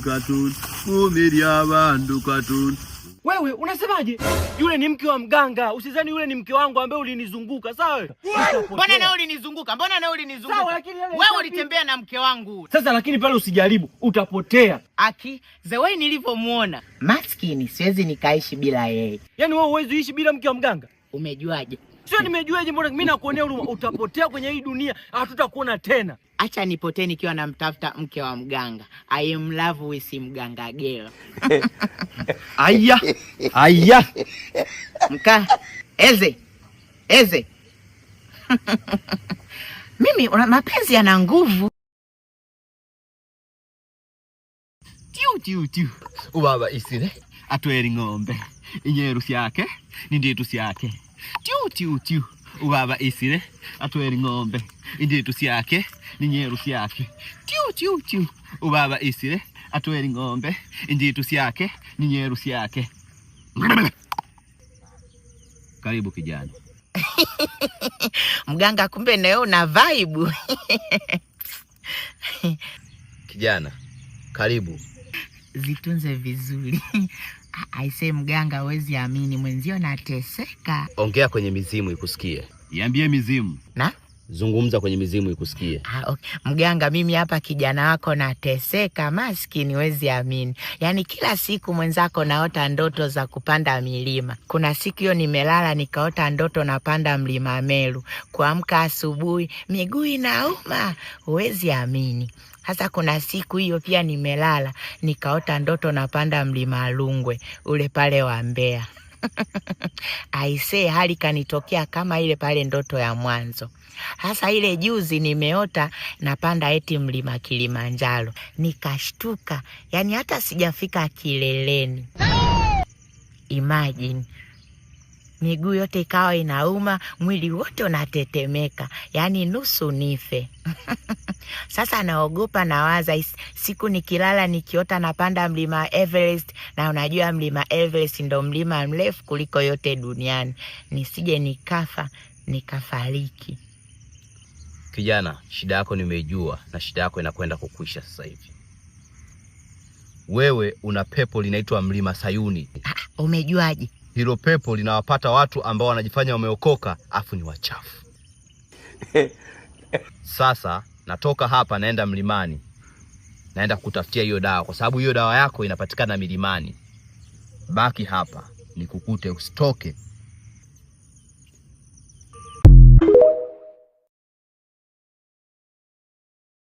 Katun, vumilia bandu katun. Wewe unasemaje? Yule ni mke wa mganga. Usizani yule ni mke wangu ambaye ulinizunguka, sawa? Mbona na ulinizunguka? Mbona na ulinizunguka? Sawa, lakini wewe ulitembea na mke wangu. Sasa lakini pale usijaribu, utapotea. Aki, the way nilivyomuona, maskini siwezi nikaishi bila yeye. Yaani wewe huwezi ishi bila mke wa mganga? Umejuaje? sio nimejuaje? Mbona mimi nakuonea huruma? Utapotea kwenye hii dunia, hatutakuona tena. Acha nipotee nikiwa namtafuta mke wa mganga. I am love with mganga girl. Aya, aya, mka eze eze mimi mapenzi yana nguvu. tiu tiu tiu ubaba isire atweri ng'ombe inyeru syake ni nditu syake tiu tiu tiu ubaba icire atweri ng'ombe inditu ciake ni nyeru ciake tiu tiu tiu ubaba icire atweri ng'ombe inditu ciake ni nyeru ciake karibu kijana mganga kumbe nawe una vaibu kijana karibu zitunze vizuri Aise mganga, wezi amini mwenzio nateseka. Ongea kwenye mizimu ikusikie. Iambie mizimu na Zungumza kwenye mizimu ikusikie. Ah, okay. Mganga, mimi hapa kijana wako nateseka, maskini, wezi amini. Yaani kila siku mwenzako naota ndoto za kupanda milima. Kuna siku hiyo nimelala nikaota ndoto napanda mlima Meru. Kuamka asubuhi miguu inauma, huwezi amini. hasa kuna siku hiyo pia nimelala nikaota ndoto napanda mlima Rungwe ule pale wa Mbeya. Aisee, hali kanitokea kama ile pale ndoto ya mwanzo. Hasa ile juzi nimeota napanda eti mlima Kilimanjaro, nikashtuka, yani hata sijafika kileleni. Imagine miguu yote ikawa inauma, mwili wote unatetemeka, yaani nusu nife. Sasa naogopa, nawaza siku nikilala nikiota napanda mlima Everest, na unajua mlima Everest ndo mlima mrefu kuliko yote duniani, nisije nikafa nikafariki. Kijana, shida yako nimeijua, na shida yako inakwenda kukwisha sasa hivi. Wewe una pepo linaitwa mlima Sayuni. Ah, umejuaje? hilo pepo linawapata watu ambao wanajifanya wameokoka afu ni wachafu. Sasa natoka hapa naenda mlimani, naenda kutafutia hiyo dawa, kwa sababu hiyo dawa yako inapatikana milimani. Baki hapa nikukute, usitoke.